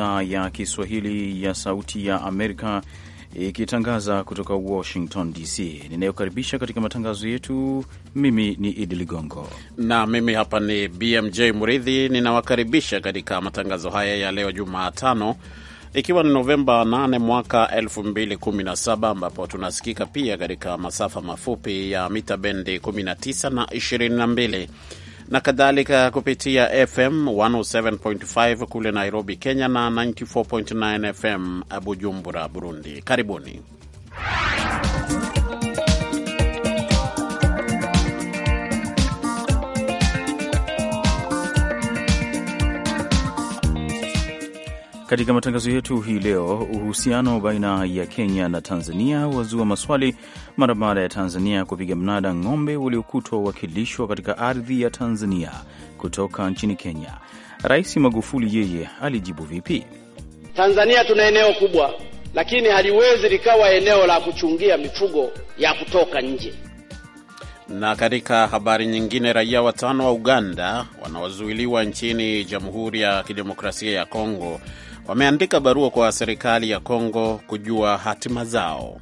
idhaa ya Kiswahili ya Sauti ya Amerika ikitangaza kutoka Washington DC. Ninayokaribisha katika matangazo yetu, mimi ni Idi Ligongo na mimi hapa ni BMJ Muridhi. Ninawakaribisha katika matangazo haya ya leo Jumatano, ikiwa ni Novemba 8 mwaka 2017, ambapo tunasikika pia katika masafa mafupi ya mita bendi 19 na 22 na kadhalika kupitia FM 107.5 kule Nairobi, Kenya na 94.9 FM Bujumbura, Burundi. Karibuni. Katika matangazo yetu hii leo, uhusiano baina ya Kenya na Tanzania wazua maswali mara baada ya Tanzania kupiga mnada ng'ombe waliokutwa wakilishwa katika ardhi ya Tanzania kutoka nchini Kenya. Rais Magufuli yeye alijibu vipi? Tanzania tuna eneo kubwa, lakini haliwezi likawa eneo la kuchungia mifugo ya kutoka nje. Na katika habari nyingine, raia watano wa Uganda wanaozuiliwa nchini Jamhuri ya Kidemokrasia ya Kongo wameandika barua kwa serikali ya Kongo kujua hatima zao.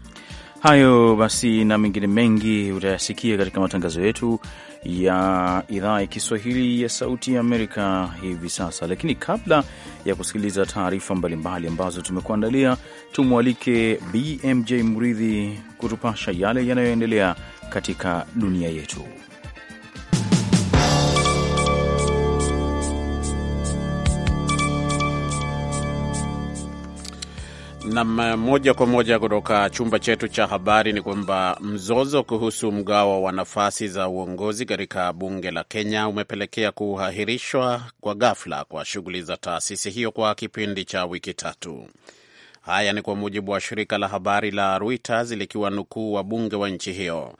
Hayo basi na mengine mengi utayasikia katika matangazo yetu ya idhaa ya Kiswahili ya Sauti ya Amerika hivi sasa, lakini kabla ya kusikiliza taarifa mbalimbali ambazo tumekuandalia, tumwalike BMJ Mridhi kutupasha yale yanayoendelea katika dunia yetu. Na moja kwa moja kutoka chumba chetu cha habari ni kwamba mzozo kuhusu mgawo wa nafasi za uongozi katika bunge la Kenya umepelekea kuahirishwa kwa ghafla kwa shughuli za taasisi hiyo kwa kipindi cha wiki tatu. Haya ni kwa mujibu wa shirika la habari la Reuters likiwa nukuu wa bunge wa nchi hiyo.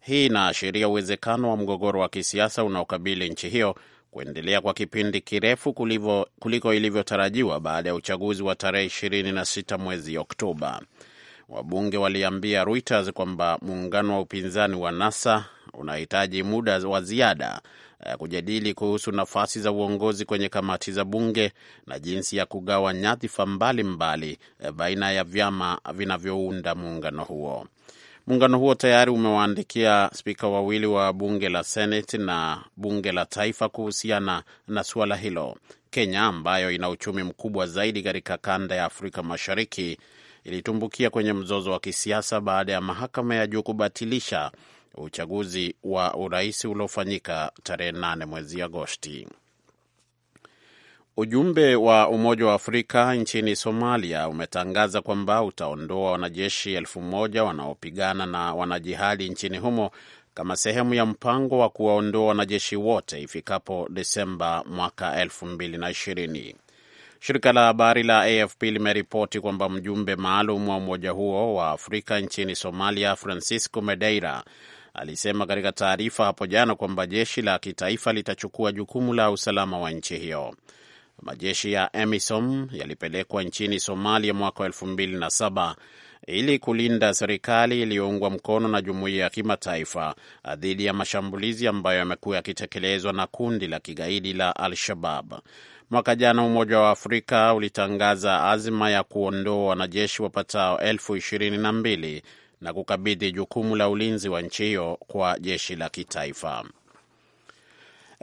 Hii inaashiria uwezekano wa mgogoro wa kisiasa unaokabili nchi hiyo kuendelea kwa kipindi kirefu kulivo, kuliko ilivyotarajiwa baada ya uchaguzi wa tarehe 26 mwezi Oktoba. Wabunge waliambia Reuters kwamba muungano wa upinzani wa NASA unahitaji muda wa ziada eh, kujadili kuhusu nafasi za uongozi kwenye kamati za bunge na jinsi ya kugawa nyadhifa mbalimbali eh, baina ya vyama vinavyounda muungano huo. Muungano huo tayari umewaandikia spika wawili wa bunge la Seneti na bunge la taifa kuhusiana na suala hilo. Kenya ambayo ina uchumi mkubwa zaidi katika kanda ya Afrika Mashariki ilitumbukia kwenye mzozo wa kisiasa baada ya mahakama ya juu kubatilisha uchaguzi wa urais uliofanyika tarehe 8 mwezi Agosti. Ujumbe wa Umoja wa Afrika nchini Somalia umetangaza kwamba utaondoa wanajeshi elfu moja wanaopigana na wanajihadi nchini humo kama sehemu ya mpango wa kuwaondoa wanajeshi wote ifikapo Desemba mwaka 2020. Shirika la habari la AFP limeripoti kwamba mjumbe maalum wa umoja huo wa Afrika nchini Somalia, Francisco Medeira, alisema katika taarifa hapo jana kwamba jeshi la kitaifa litachukua jukumu la usalama wa nchi hiyo majeshi ya EMISOM yalipelekwa nchini Somalia mwaka 2007 ili kulinda serikali iliyoungwa mkono na jumuiya ya kimataifa uh, dhidi ya mashambulizi ambayo yamekuwa yakitekelezwa na kundi la kigaidi la Al-Shabab. Mwaka jana Umoja wa Afrika ulitangaza azma ya kuondoa wanajeshi wapatao elfu ishirini na mbili na kukabidhi jukumu la ulinzi wa nchi hiyo kwa jeshi la kitaifa.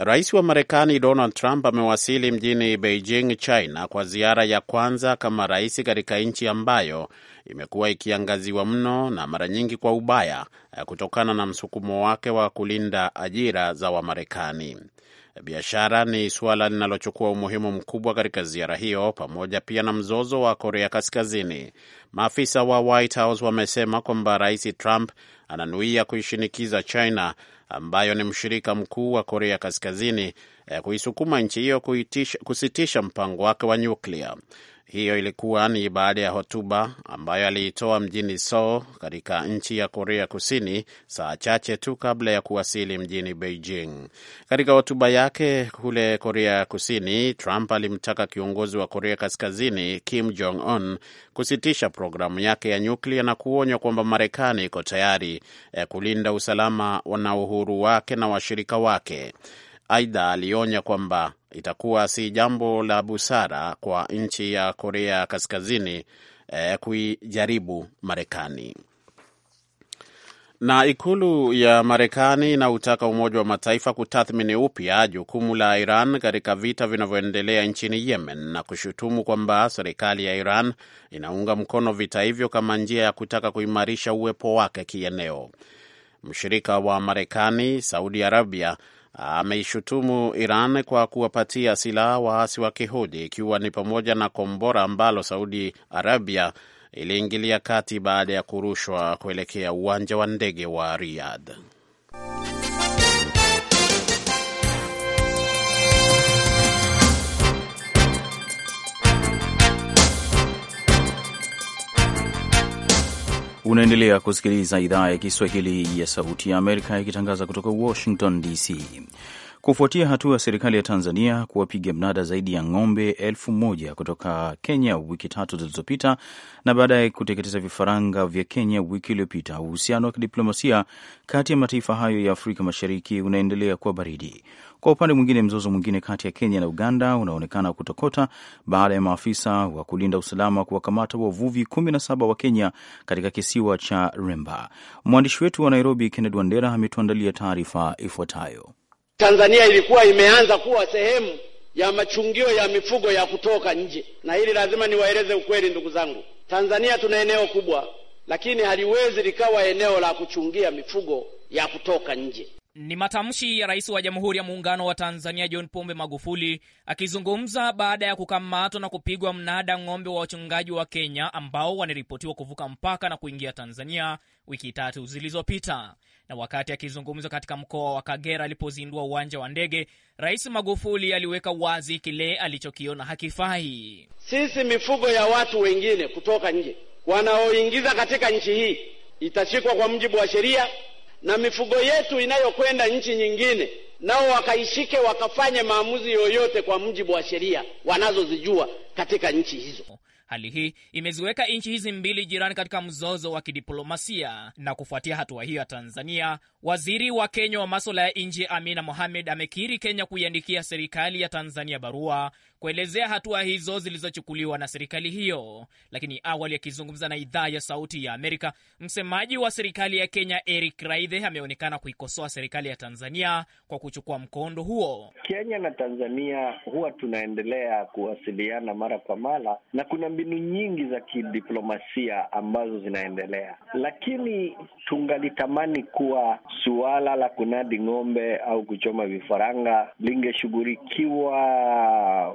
Rais wa Marekani Donald Trump amewasili mjini Beijing, China, kwa ziara ya kwanza kama rais katika nchi ambayo imekuwa ikiangaziwa mno na mara nyingi kwa ubaya eh, kutokana na msukumo wake wa kulinda ajira za Wamarekani. Biashara ni suala linalochukua umuhimu mkubwa katika ziara hiyo, pamoja pia na mzozo wa Korea Kaskazini. Maafisa wa White House wamesema kwamba rais Trump ananuia kuishinikiza China ambayo ni mshirika mkuu wa Korea Kaskazini eh, kuisukuma nchi hiyo kusitisha mpango wake wa nyuklia. Hiyo ilikuwa ni baada ya hotuba ambayo aliitoa mjini Seoul katika nchi ya Korea Kusini saa chache tu kabla ya kuwasili mjini Beijing. Katika hotuba yake kule Korea Kusini, Trump alimtaka kiongozi wa Korea Kaskazini Kim Jong Un kusitisha programu yake ya nyuklia na kuonywa kwamba Marekani iko tayari eh, kulinda usalama na uhuru wake na washirika wake. Aidha, alionya kwamba itakuwa si jambo la busara kwa nchi ya Korea Kaskazini eh, kuijaribu Marekani. Na ikulu ya Marekani inautaka Umoja wa Mataifa kutathmini upya jukumu la Iran katika vita vinavyoendelea nchini Yemen na kushutumu kwamba serikali ya Iran inaunga mkono vita hivyo kama njia ya kutaka kuimarisha uwepo wake kieneo. Mshirika wa Marekani, Saudi Arabia, ameishutumu Iran kwa kuwapatia silaha waasi wa Kihudi, ikiwa ni pamoja na kombora ambalo Saudi Arabia iliingilia kati baada ya kurushwa kuelekea uwanja wa ndege wa Riyadh. Unaendelea kusikiliza idhaa ya Kiswahili ya Sauti ya Amerika ikitangaza kutoka Washington DC kufuatia hatua ya serikali ya Tanzania kuwapiga mnada zaidi ya ng'ombe elfu moja kutoka Kenya wiki tatu zilizopita na baadaye kuteketeza vifaranga vya Kenya wiki iliyopita. Uhusiano wa kidiplomasia kati ya mataifa hayo ya Afrika Mashariki unaendelea kuwa baridi. Kwa upande mwingine, mzozo mwingine kati ya Kenya na Uganda unaonekana kutokota baada ya maafisa wa kulinda usalama kuwakamata wavuvi 17 wa Kenya katika kisiwa cha Remba. Mwandishi wetu wa Nairobi, Kennedy Wandera, ametuandalia taarifa ifuatayo. Tanzania ilikuwa imeanza kuwa sehemu ya machungio ya mifugo ya kutoka nje, na hili lazima niwaeleze ukweli, ndugu zangu. Tanzania tuna eneo kubwa, lakini haliwezi likawa eneo la kuchungia mifugo ya kutoka nje. Ni matamshi ya Rais wa Jamhuri ya Muungano wa Tanzania John Pombe Magufuli akizungumza baada ya kukamatwa na kupigwa mnada ng'ombe wa wachungaji wa Kenya ambao wanaripotiwa kuvuka mpaka na kuingia Tanzania wiki tatu zilizopita. Na wakati akizungumza katika mkoa wa Kagera alipozindua uwanja wa ndege, Rais Magufuli aliweka wazi kile alichokiona hakifai. Sisi mifugo ya watu wengine kutoka nje wanaoingiza katika nchi hii itashikwa kwa mujibu wa sheria, na mifugo yetu inayokwenda nchi nyingine nao wakaishike, wakafanye maamuzi yoyote kwa mujibu wa sheria wanazozijua katika nchi hizo. Hali hii imeziweka nchi hizi mbili jirani katika mzozo wa kidiplomasia. Na kufuatia hatua hiyo ya Tanzania, waziri wa Kenya wa maswala ya nje Amina Mohamed amekiri Kenya kuiandikia serikali ya Tanzania barua kuelezea hatua hizo zilizochukuliwa na serikali hiyo. Lakini awali, akizungumza na idhaa ya Sauti ya Amerika, msemaji wa serikali ya Kenya Eric Raithe ameonekana kuikosoa serikali ya Tanzania kwa kuchukua mkondo huo. Kenya na Tanzania huwa tunaendelea kuwasiliana mara kwa mara, na kuna mbinu nyingi za kidiplomasia ambazo zinaendelea, lakini tungalitamani kuwa suala la kunadi ng'ombe au kuchoma vifaranga lingeshughulikiwa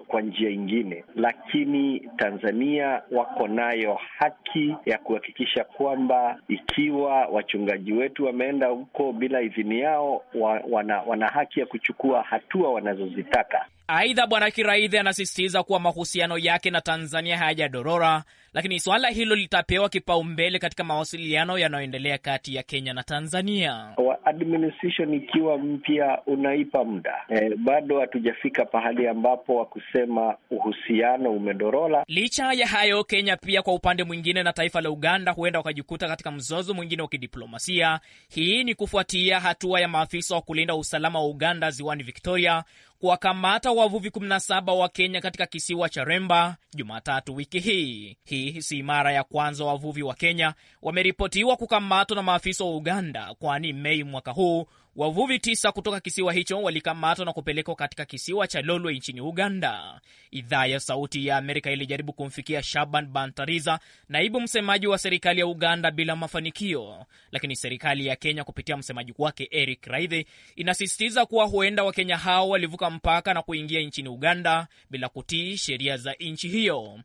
kwa njia ingine, lakini Tanzania wako nayo haki ya kuhakikisha kwamba ikiwa wachungaji wetu wameenda huko bila idhini yao, wana, wana haki ya kuchukua hatua wanazozitaka. Aidha, Bwana Kiraidhi anasisitiza kuwa mahusiano yake na Tanzania hayajadorora, lakini suala hilo litapewa kipaumbele katika mawasiliano yanayoendelea kati ya Kenya na Tanzania. Administration ikiwa mpya unaipa muda eh, bado hatujafika pahali ambapo wa kusema uhusiano umedorora. Licha ya hayo, Kenya pia kwa upande mwingine na taifa la Uganda huenda wakajikuta katika mzozo mwingine wa kidiplomasia. Hii ni kufuatia hatua ya maafisa wa kulinda usalama wa Uganda ziwani Victoria kuwakamata wavuvi 17 wa Kenya katika kisiwa cha Remba Jumatatu wiki hii. Hii si mara ya kwanza wavuvi wa Kenya wameripotiwa kukamatwa na maafisa wa Uganda, kwani Mei mwaka huu Wavuvi tisa kutoka kisiwa hicho walikamatwa na kupelekwa katika kisiwa cha Lolwe nchini Uganda. Idhaa ya Sauti ya Amerika ilijaribu kumfikia Shaban Bantariza, naibu msemaji wa serikali ya Uganda, bila mafanikio, lakini serikali ya Kenya kupitia msemaji wake Eric Raithe inasisitiza kuwa huenda Wakenya hao walivuka mpaka na kuingia nchini Uganda bila kutii sheria za nchi hiyo.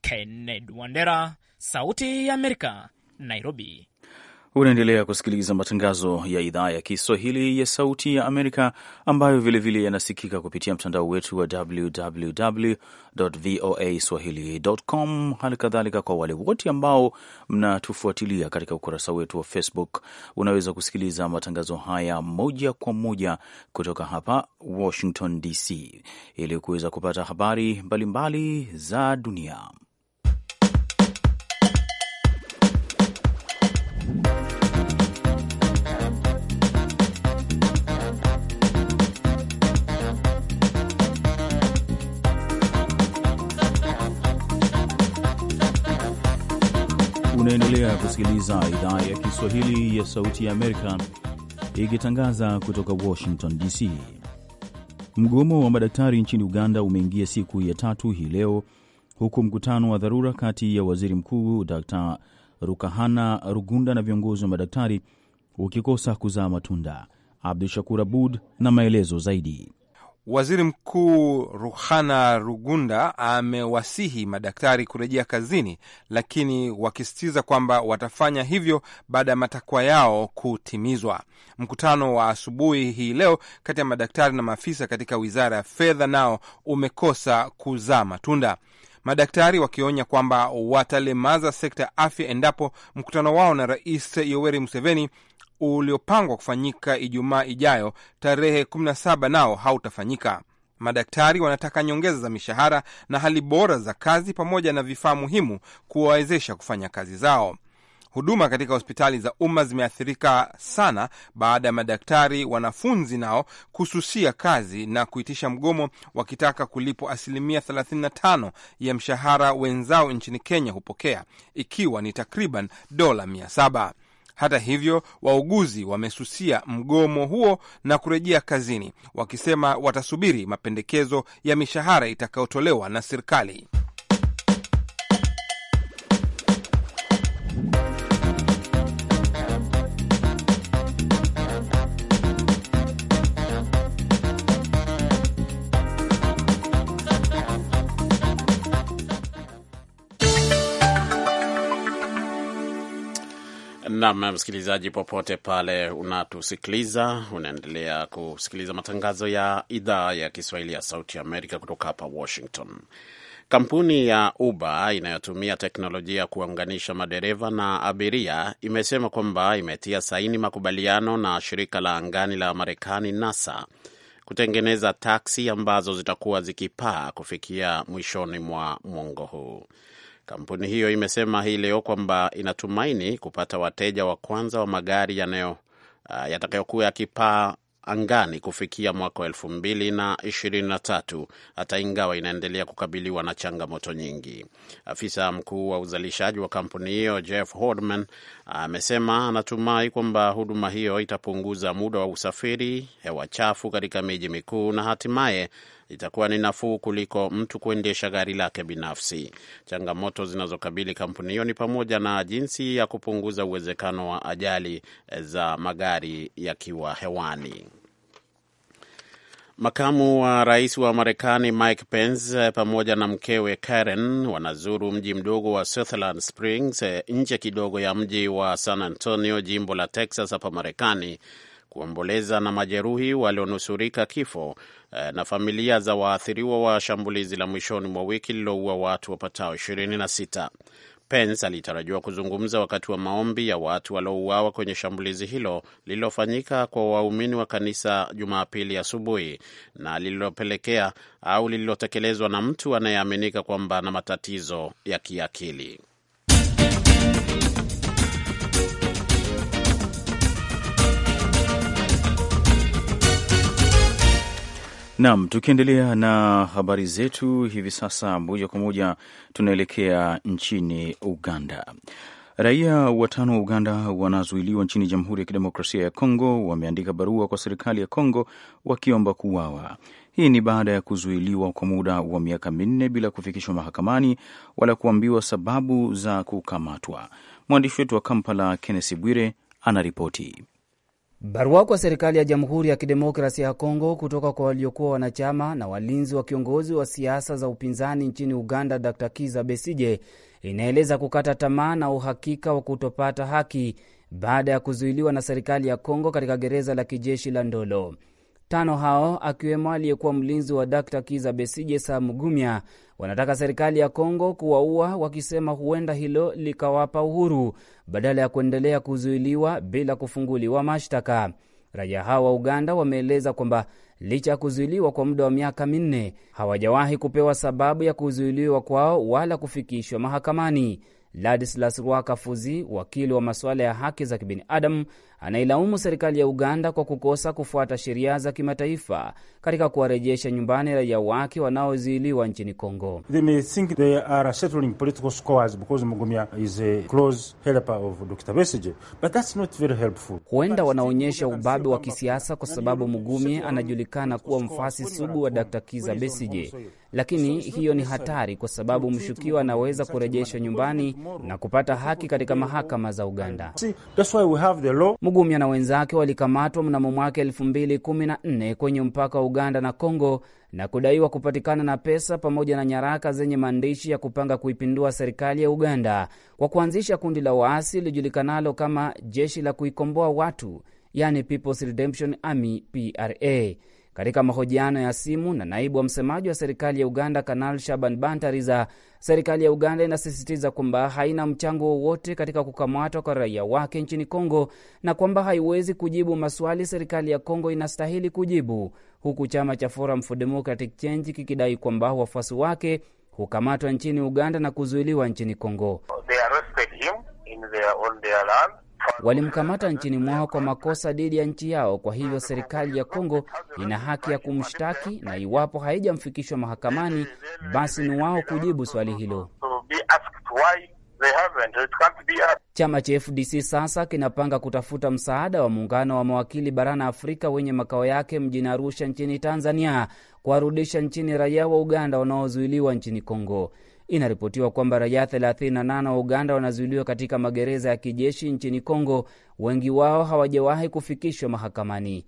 Kenneth Wandera, Sauti ya Amerika, Nairobi. Unaendelea kusikiliza matangazo ya idhaa ya Kiswahili ya Sauti ya Amerika ambayo vilevile yanasikika kupitia mtandao wetu wa www voa swahili.com. Hali kadhalika kwa wale wote ambao mnatufuatilia katika ukurasa wetu wa Facebook, unaweza kusikiliza matangazo haya moja kwa moja kutoka hapa Washington DC ili kuweza kupata habari mbalimbali za dunia. Unaendelea kusikiliza idhaa ya Kiswahili ya Sauti ya Amerika ikitangaza kutoka Washington DC. Mgomo wa madaktari nchini Uganda umeingia siku ya tatu hii leo, huku mkutano wa dharura kati ya waziri mkuu Dr Rukahana Rugunda na viongozi wa madaktari ukikosa kuzaa matunda. Abdu Shakur Abud na maelezo zaidi. Waziri Mkuu Ruhana Rugunda amewasihi madaktari kurejea kazini, lakini wakisisitiza kwamba watafanya hivyo baada ya matakwa yao kutimizwa. Mkutano wa asubuhi hii leo kati ya madaktari na maafisa katika wizara ya fedha nao umekosa kuzaa matunda, madaktari wakionya kwamba watalemaza sekta ya afya endapo mkutano wao na Rais Yoweri Museveni uliopangwa kufanyika Ijumaa ijayo tarehe 17 nao hautafanyika. Madaktari wanataka nyongeza za mishahara na hali bora za kazi pamoja na vifaa muhimu kuwawezesha kufanya kazi zao. Huduma katika hospitali za umma zimeathirika sana baada ya madaktari wanafunzi nao kususia kazi na kuitisha mgomo wakitaka kulipwa asilimia 35 ya mshahara wenzao nchini Kenya hupokea, ikiwa ni takriban dola 700. Hata hivyo, wauguzi wamesusia mgomo huo na kurejea kazini, wakisema watasubiri mapendekezo ya mishahara itakayotolewa na serikali. Nam msikilizaji, popote pale unatusikiliza, unaendelea kusikiliza matangazo ya idhaa ya Kiswahili ya Sauti Amerika kutoka hapa Washington. Kampuni ya Uber inayotumia teknolojia kuwaunganisha madereva na abiria imesema kwamba imetia saini makubaliano na shirika la angani la Marekani NASA kutengeneza taksi ambazo zitakuwa zikipaa kufikia mwishoni mwa mwongo huu. Kampuni hiyo imesema hii leo kwamba inatumaini kupata wateja wa kwanza wa magari yanayo uh, yatakayokuwa yakipaa angani kufikia mwaka wa elfu mbili na ishirini na tatu hata ingawa inaendelea kukabiliwa na changamoto nyingi. Afisa mkuu wa uzalishaji wa kampuni hiyo Jeff Hordman amesema anatumai kwamba huduma hiyo itapunguza muda wa usafiri, hewa chafu katika miji mikuu na hatimaye itakuwa ni nafuu kuliko mtu kuendesha gari lake binafsi. Changamoto zinazokabili kampuni hiyo ni pamoja na jinsi ya kupunguza uwezekano wa ajali za magari yakiwa hewani. Makamu wa rais wa Marekani Mike Pence eh, pamoja na mkewe Karen wanazuru mji mdogo wa Sutherland Springs eh, nje kidogo ya mji wa San Antonio, jimbo la Texas hapa Marekani kuomboleza na majeruhi walionusurika kifo eh, na familia za waathiriwa wa shambulizi la mwishoni mwa wiki lililoua watu wapatao 26. Pence alitarajiwa kuzungumza wakati wa maombi ya watu waliouawa kwenye shambulizi hilo lililofanyika kwa waumini wa kanisa Jumapili asubuhi na lililopelekea au lililotekelezwa na mtu anayeaminika kwamba ana matatizo ya kiakili. Naam, tukiendelea na habari zetu hivi sasa, moja kwa moja tunaelekea nchini Uganda. Raia watano wa Uganda wanazuiliwa nchini Jamhuri ya Kidemokrasia ya Kongo wameandika barua kwa serikali ya Kongo wakiomba kuuawa. Hii ni baada ya kuzuiliwa kwa muda wa miaka minne bila kufikishwa mahakamani wala kuambiwa sababu za kukamatwa. Mwandishi wetu wa Kampala, Kennesi Bwire, anaripoti. Barua kwa serikali ya Jamhuri ya Kidemokrasia ya Kongo kutoka kwa waliokuwa wanachama na walinzi wa kiongozi wa siasa za upinzani nchini Uganda, Dr Kiza Besije, inaeleza kukata tamaa na uhakika wa kutopata haki baada ya kuzuiliwa na serikali ya Kongo katika gereza la kijeshi la Ndolo. Tano hao akiwemo aliyekuwa mlinzi wa Dr Kiza Besije, Sam wanataka serikali ya Kongo kuwaua, wakisema huenda hilo likawapa uhuru badala ya kuendelea kuzuiliwa bila kufunguliwa mashtaka. Raia hao wa Uganda wameeleza kwamba licha ya kuzuiliwa kwa muda wa miaka minne hawajawahi kupewa sababu ya kuzuiliwa kwao wala kufikishwa mahakamani. Ladislas Rwakafuzi, wakili wa masuala ya haki za kibinadamu, anailaumu serikali ya Uganda kwa kukosa kufuata sheria za kimataifa katika kuwarejesha nyumbani raia wake wanaozuiliwa nchini Kongo. Huenda wanaonyesha ubabe wa kisiasa kwa sababu Mugumye anajulikana kuwa mfasi sugu wa Dr. Kiza Besije lakini hiyo ni hatari kwa sababu mshukiwa anaweza kurejeshwa nyumbani na kupata haki katika mahakama za Uganda. Mugumya na wenzake walikamatwa mnamo mwaka elfu mbili kumi na nne kwenye mpaka wa Uganda na congo na kudaiwa kupatikana na pesa pamoja na nyaraka zenye maandishi ya kupanga kuipindua serikali ya Uganda kwa kuanzisha kundi la waasi lilijulikanalo kama jeshi la kuikomboa watu, yani People's Redemption Army, PRA. Katika mahojiano ya simu na naibu wa msemaji wa serikali ya Uganda, Kanal Shaban Bantariza, serikali ya Uganda inasisitiza kwamba haina mchango wowote katika kukamatwa kwa raia wake nchini Kongo na kwamba haiwezi kujibu maswali serikali ya Kongo inastahili kujibu, huku chama cha Forum for Democratic Change kikidai kwamba wafuasi wake hukamatwa nchini Uganda na kuzuiliwa nchini Kongo. They Walimkamata nchini mwao kwa makosa dhidi ya nchi yao, kwa hivyo serikali ya Kongo ina haki ya kumshtaki, na iwapo haijamfikishwa mahakamani, basi ni wao kujibu swali hilo. Chama cha FDC sasa kinapanga kutafuta msaada wa muungano wa mawakili barani Afrika wenye makao yake mjini Arusha nchini Tanzania kuwarudisha nchini raia wa Uganda wanaozuiliwa nchini Kongo. Inaripotiwa kwamba raia 38 wa Uganda wanazuiliwa katika magereza ya kijeshi nchini Kongo, wengi wao hawajawahi kufikishwa mahakamani.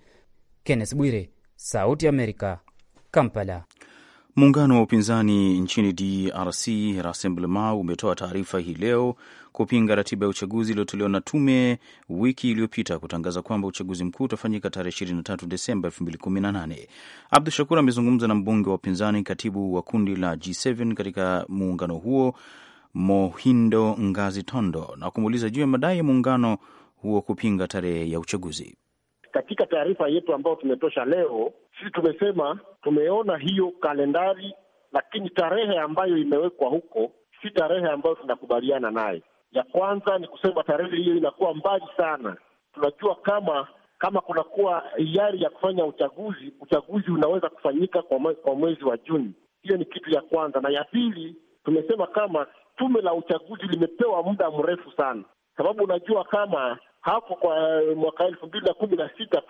Kenneth Bwire, Sauti ya Amerika, Kampala. Muungano wa upinzani nchini DRC Rassemblement umetoa taarifa hii leo kupinga ratiba ya uchaguzi iliyotolewa na tume wiki iliyopita kutangaza kwamba uchaguzi mkuu utafanyika tarehe 23 Desemba 2018. Abdu Shakur amezungumza na mbunge wa upinzani, katibu wa kundi la G7 katika muungano huo Mohindo Ngazi Tondo, na kumuuliza juu ya madai ya muungano huo kupinga tarehe ya uchaguzi. Katika taarifa yetu ambayo tumetosha leo sisi tumesema tumeona hiyo kalendari, lakini tarehe ambayo imewekwa huko si tarehe ambayo tunakubaliana naye. Ya kwanza ni kusema tarehe hiyo inakuwa mbali sana. Tunajua kama kama kunakuwa hiari ya kufanya uchaguzi, uchaguzi unaweza kufanyika kwa mwezi wa Juni. Hiyo ni kitu ya kwanza, na ya pili tumesema kama tume la uchaguzi limepewa muda mrefu sana, sababu unajua kama hapo kwa eh, mwaka elfu mbili na kumi na sita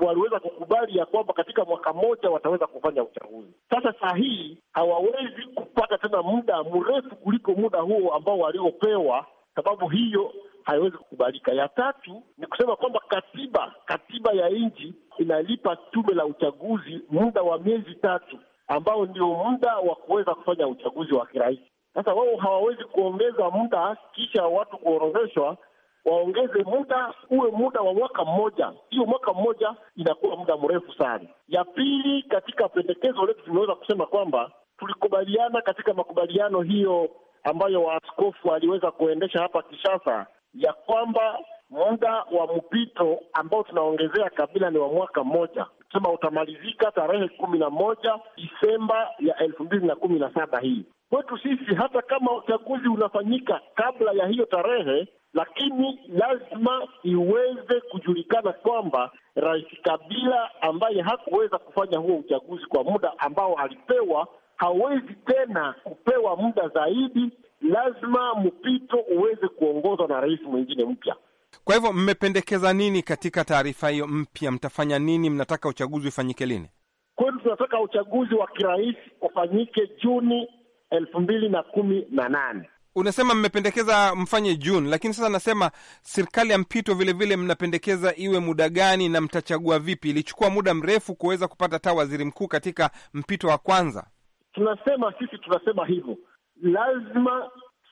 waliweza kukubali ya kwamba katika mwaka mmoja wataweza kufanya uchaguzi. Sasa saa hii hawawezi kupata tena muda mrefu kuliko muda huo ambao waliopewa, sababu hiyo haiwezi kukubalika. Ya tatu ni kusema kwamba katiba katiba ya nchi inalipa tume la uchaguzi muda wa miezi tatu, ambao ndio muda wa kuweza kufanya uchaguzi wa kirahisi. Sasa wao hawawezi kuongeza muda kisha watu kuorodheshwa waongeze muda uwe muda wa mwaka mmoja. Hiyo mwaka mmoja inakuwa muda mrefu sana. Ya pili, katika pendekezo letu tumeweza kusema kwamba tulikubaliana katika makubaliano hiyo ambayo waaskofu waliweza kuendesha hapa Kishasa ya kwamba muda wa mpito ambao tunaongezea kabila ni wa mwaka mmoja, sema utamalizika tarehe kumi na moja Disemba ya elfu mbili na kumi na saba. Hii kwetu sisi, hata kama uchaguzi unafanyika kabla ya hiyo tarehe, lakini lazima iweze kujulikana kwamba Rais Kabila ambaye hakuweza kufanya huo uchaguzi kwa muda ambao alipewa, hawezi tena kupewa muda zaidi. Lazima mpito uweze kuongozwa na rais mwingine mpya. Kwa hivyo mmependekeza nini katika taarifa hiyo mpya? Mtafanya nini? Mnataka uchaguzi ufanyike lini? Kweli tunataka uchaguzi wa kirais ufanyike Juni elfu mbili na kumi na nane unasema mmependekeza mfanye Juni, lakini sasa nasema serikali ya mpito vilevile mnapendekeza iwe muda gani na mtachagua vipi? Ilichukua muda mrefu kuweza kupata hata waziri mkuu katika mpito wa kwanza. Tunasema sisi tunasema hivyo, lazima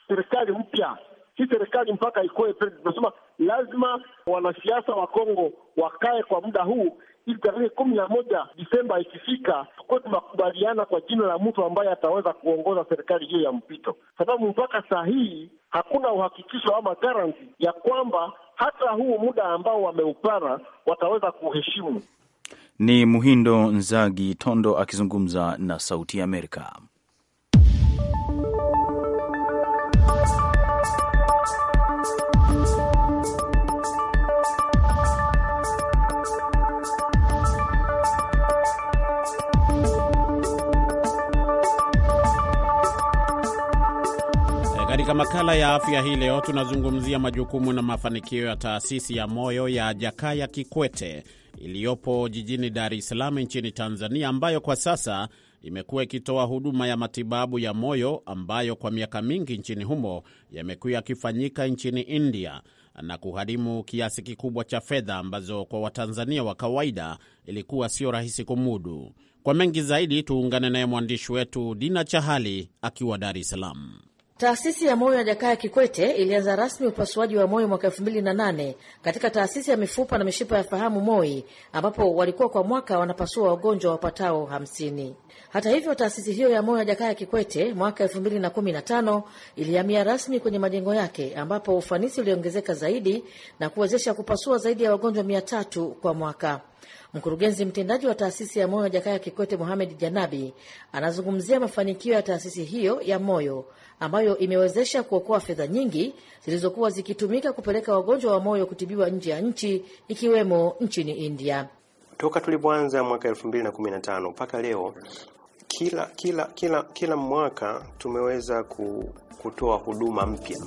serikali mpya si serikali mpaka ikoe. Tunasema lazima wanasiasa wa Kongo wakae kwa muda huu ili tarehe kumi na moja Disemba ikifika, tukuwe tunakubaliana kwa jina la mtu ambaye ataweza kuongoza serikali hiyo ya mpito, sababu mpaka saa hii hakuna uhakikisho ama garanti ya kwamba hata huu muda ambao wameupara wataweza kuheshimu. Ni Muhindo Nzagi Tondo akizungumza na Sauti ya Amerika. Katika makala ya afya hii leo tunazungumzia majukumu na mafanikio ya taasisi ya moyo ya Jakaya Kikwete iliyopo jijini Dar es Salaam nchini Tanzania, ambayo kwa sasa imekuwa ikitoa huduma ya matibabu ya moyo ambayo kwa miaka mingi nchini humo yamekuwa yakifanyika nchini India na kugharimu kiasi kikubwa cha fedha ambazo kwa Watanzania wa kawaida ilikuwa sio rahisi kumudu. Kwa mengi zaidi, tuungane naye mwandishi wetu Dina Chahali akiwa Dar es Salaam. Taasisi ya moyo ya Jakaya Kikwete ilianza rasmi upasuaji wa moyo mwaka elfu mbili na nane katika taasisi ya mifupa na mishipa ya fahamu MOI, ambapo walikuwa kwa mwaka wanapasua wagonjwa wapatao hamsini. Hata hivyo, taasisi hiyo ya moyo ya Jakaya Kikwete mwaka elfu mbili na kumi na tano ilihamia rasmi kwenye majengo yake, ambapo ufanisi uliongezeka zaidi na kuwezesha kupasua zaidi ya wagonjwa mia tatu kwa mwaka. Mkurugenzi mtendaji wa taasisi ya moyo Jakaya Kikwete Mohamed Janabi anazungumzia mafanikio ya taasisi hiyo ya moyo ambayo imewezesha kuokoa fedha nyingi zilizokuwa zikitumika kupeleka wagonjwa wa moyo kutibiwa nje ya nchi ikiwemo nchini India. Toka tulipoanza mwaka tano mpaka leo kila kila kila kila mwaka tumeweza kutoa huduma mpya.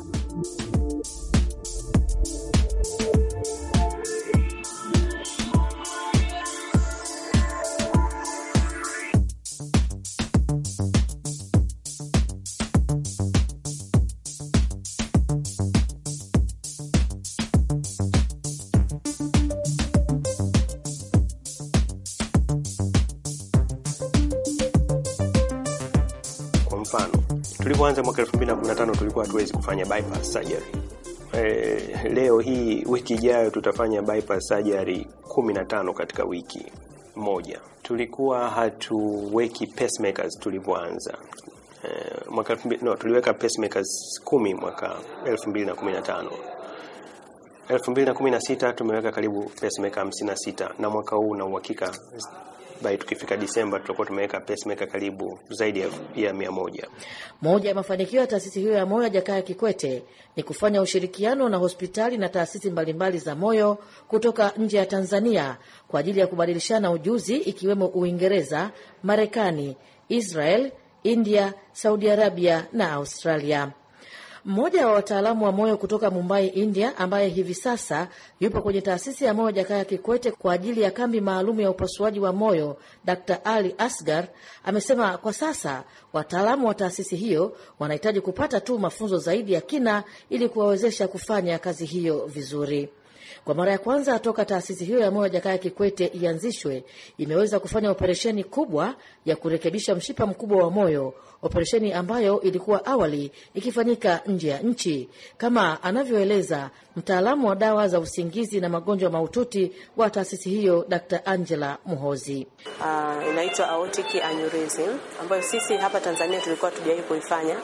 kwanza mwaka 2015 tulikuwa hatuwezi kufanya bypass surgery. Eh, leo hii wiki ijayo tutafanya bypass surgery 15 katika wiki moja. Tulikuwa hatuweki pacemakers tulivyoanza. Eh, mwaka no, tuliweka pacemakers 10 mwaka 2015. 2016 tumeweka karibu pacemaker 56 na mwaka huu na uhakika by tukifika Disemba tutakuwa tumeweka pacemaker karibu zaidi ya mia moja. Moja ya mafanikio ya taasisi hiyo ya moyo ya Jakaya Kikwete ni kufanya ushirikiano na hospitali na taasisi mbalimbali za moyo kutoka nje ya Tanzania kwa ajili ya kubadilishana ujuzi ikiwemo Uingereza, Marekani, Israel, India, Saudi Arabia na Australia. Mmoja wa wataalamu wa moyo kutoka Mumbai, India, ambaye hivi sasa yupo kwenye taasisi ya moyo Jakaya Kikwete kwa ajili ya kambi maalum ya upasuaji wa moyo, Dr Ali Asgar amesema kwa sasa wataalamu wa taasisi hiyo wanahitaji kupata tu mafunzo zaidi ya kina ili kuwawezesha kufanya kazi hiyo vizuri. Kwa mara ya kwanza toka taasisi hiyo ya moyo Jakaya Kikwete ianzishwe, imeweza kufanya operesheni kubwa ya kurekebisha mshipa mkubwa wa moyo operesheni ambayo ilikuwa awali ikifanyika nje ya nchi, kama anavyoeleza mtaalamu wa dawa za usingizi na magonjwa mahututi wa taasisi hiyo, Dr. Angela Muhozi. Uh, inaitwa aortic aneurysm ambayo sisi hapa Tanzania tulikuwa tujawahi kuifanya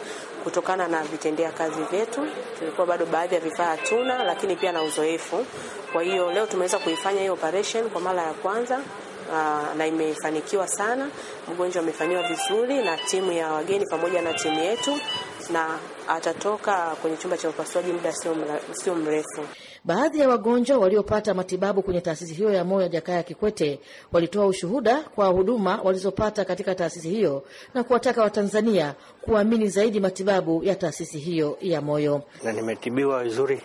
kutokana na vitendea kazi vyetu, tulikuwa bado baadhi ya vifaa hatuna, lakini pia na uzoefu. Kwa hiyo leo tumeweza kuifanya hiyo operation kwa mara ya kwanza. Ah, na imefanikiwa sana. Mgonjwa amefanyiwa vizuri na timu ya wageni pamoja na timu yetu, na atatoka kwenye chumba cha upasuaji muda sio mrefu. Baadhi ya wagonjwa waliopata matibabu kwenye taasisi hiyo ya moyo ya Jakaya Kikwete walitoa ushuhuda kwa huduma walizopata katika taasisi hiyo na kuwataka Watanzania kuamini zaidi matibabu ya taasisi hiyo ya moyo. Na nimetibiwa vizuri,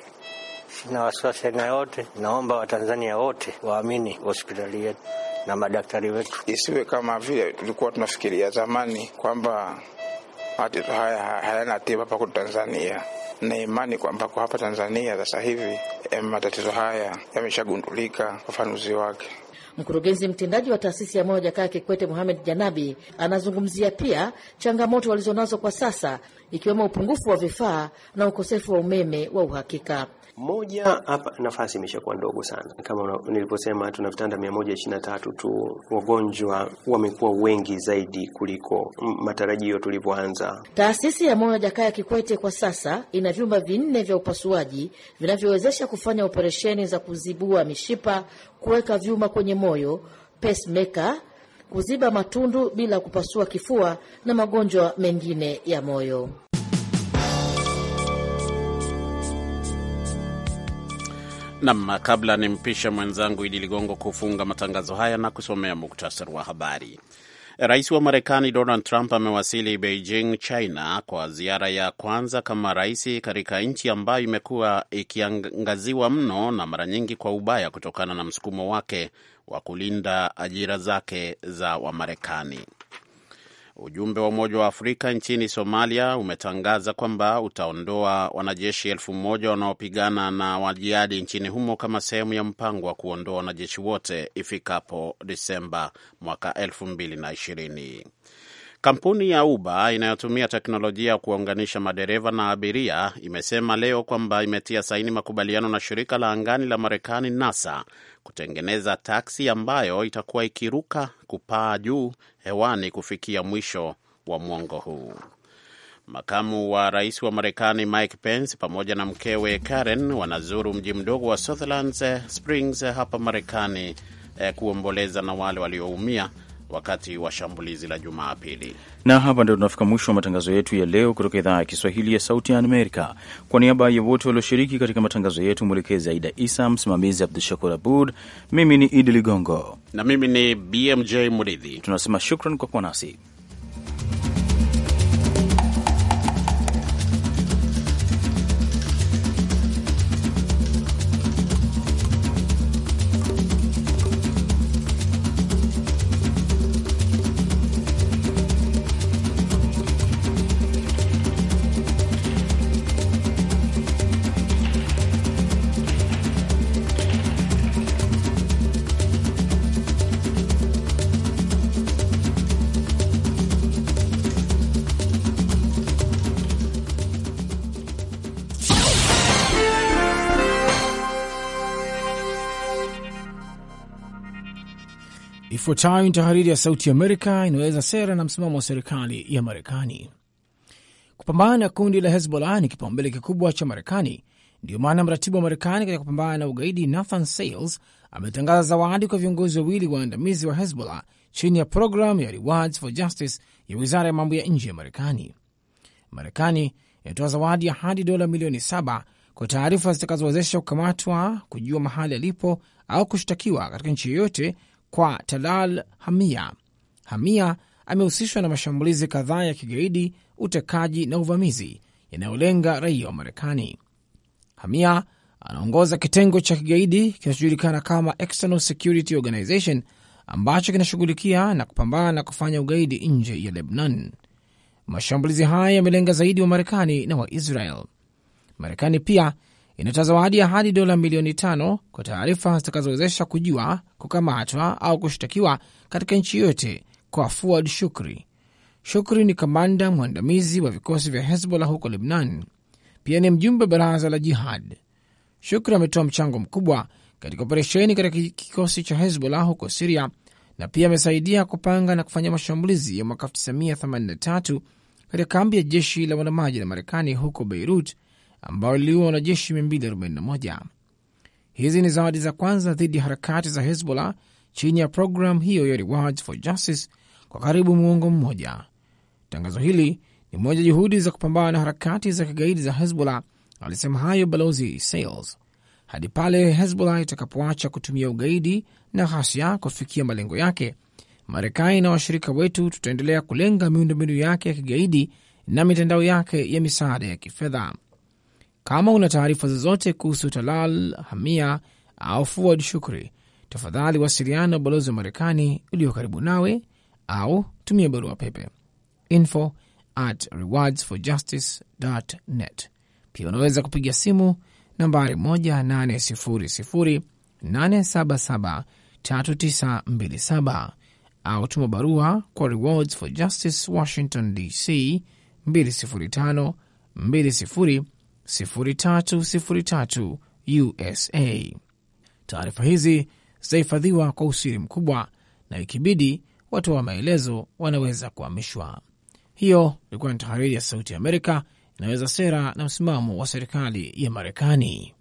sina wasiwasi aina yote. Naomba Watanzania wote waamini hospitali yetu na madaktari wetu, isiwe kama vile tulikuwa tunafikiria zamani kwamba matatizo haya hayana tiba hapa Tanzania na imani kwamba kwa hapa Tanzania sasa hivi eh, matatizo haya yameshagundulika ufafanuzi wake. Mkurugenzi mtendaji wa taasisi ya moyo Jakaya Kikwete Mohamed Janabi anazungumzia pia changamoto walizonazo kwa sasa, ikiwemo upungufu wa vifaa na ukosefu wa umeme wa uhakika moja hapa nafasi imeshakuwa ndogo sana. Kama nilivyosema, tuna vitanda 123 tu, wagonjwa wamekuwa wengi zaidi kuliko matarajio tulivyoanza. Taasisi ya Moyo Jakaya Kikwete kwa sasa ina vyumba vinne vya upasuaji vinavyowezesha kufanya operesheni za kuzibua mishipa, kuweka vyuma kwenye moyo, pacemaker, kuziba matundu bila kupasua kifua na magonjwa mengine ya moyo. Nam, kabla ni mpisha mwenzangu Idi Ligongo kufunga matangazo haya na kusomea muktasari wa habari. Rais wa Marekani Donald Trump amewasili Beijing, China, kwa ziara ya kwanza kama rais katika nchi ambayo imekuwa ikiangaziwa mno na mara nyingi kwa ubaya kutokana na msukumo wake wa kulinda ajira zake za Wamarekani. Ujumbe wa Umoja wa Afrika nchini Somalia umetangaza kwamba utaondoa wanajeshi elfu moja wanaopigana na wajiadi nchini humo kama sehemu ya mpango wa kuondoa wanajeshi wote ifikapo Disemba mwaka elfu mbili na ishirini. Kampuni ya Uber inayotumia teknolojia ya kuwaunganisha madereva na abiria imesema leo kwamba imetia saini makubaliano na shirika la angani la Marekani, NASA, kutengeneza taksi ambayo itakuwa ikiruka kupaa juu hewani kufikia mwisho wa mwongo huu. Makamu wa rais wa Marekani Mike Pence pamoja na mkewe Karen wanazuru mji mdogo wa Sutherland Springs hapa Marekani eh, kuomboleza na wale walioumia wakati wa shambulizi la Jumapili. Na hapa ndio tunafika mwisho wa matangazo yetu ya leo kutoka idhaa ya Kiswahili ya Sauti ya Amerika. Kwa niaba ya wote walioshiriki katika matangazo yetu, mwelekezi Aida Isa, msimamizi Abdu Shakur Abud, mimi ni Idi Ligongo na mimi ni BMJ Muridhi, tunasema shukran kwa kuwa nasi. Ifuatayo ni tahariri ya Sauti ya Amerika inayoeleza sera na msimamo wa serikali ya Marekani. Kupambana na kundi la Hezbollah ni kipaumbele kikubwa cha Marekani. Ndiyo maana mratibu wa Marekani katika kupambana na ugaidi Nathan Sales ametangaza zawadi kwa viongozi wawili waandamizi wa Hezbollah chini ya programu ya Rewards for Justice ya wizara ya mambo ya nje ya Marekani. Marekani inatoa zawadi ya hadi dola milioni saba kwa taarifa zitakazowezesha kukamatwa, kujua mahali alipo au kushtakiwa katika nchi yoyote kwa Talal Hamia. Hamia amehusishwa na mashambulizi kadhaa ya kigaidi, utekaji na uvamizi yanayolenga raia wa Marekani. Hamia anaongoza kitengo cha kigaidi kinachojulikana kama External Security Organization ambacho kinashughulikia na kupambana na kufanya ugaidi nje ya Lebanon. Mashambulizi haya yamelenga zaidi wa Marekani na Waisrael. Marekani pia inatoa zawadi ya hadi dola milioni tano kwa taarifa zitakazowezesha kujua kukamatwa au kushtakiwa katika nchi yoyote kwa Fuad Shukri. Shukri ni kamanda mwandamizi wa vikosi vya Hezbollah huko Lebnan, pia ni mjumbe baraza la Jihad. Shukri ametoa mchango mkubwa katika operesheni katika kikosi cha Hezbollah huko Siria na pia amesaidia kupanga na kufanya mashambulizi ya mwaka 1983 katika kambi ya jeshi la wanamaji la Marekani huko Beirut ambao liliua wanajeshi 241. Hizi ni zawadi za kwanza dhidi ya harakati za Hezbollah chini ya programu hiyo ya Rewards for Justice kwa karibu muongo mmoja. Tangazo hili ni moja juhudi za kupambana na harakati za kigaidi za Hezbollah, alisema hayo balozi Sales, hadi pale Hezbollah itakapoacha kutumia ugaidi na ghasia kufikia malengo yake. Marekani na washirika wetu tutaendelea kulenga miundombinu yake ya kigaidi na mitandao yake ya misaada ya kifedha. Kama una taarifa zozote kuhusu Talal Hamia au Fuad Shukri, tafadhali wasiliana na ubalozi wa Marekani ulio karibu nawe au tumia barua pepe info at rewardsforjustice.net. Pia unaweza kupiga simu nambari 18008773927 au tuma barua kwa Rewards for Justice, Washington DC 205 20 0303 USA. Taarifa hizi zitahifadhiwa kwa usiri mkubwa na ikibidi, watoa wa maelezo wanaweza kuhamishwa. Hiyo ilikuwa ni tahariri ya Sauti ya Amerika inaweza sera na msimamo wa serikali ya Marekani.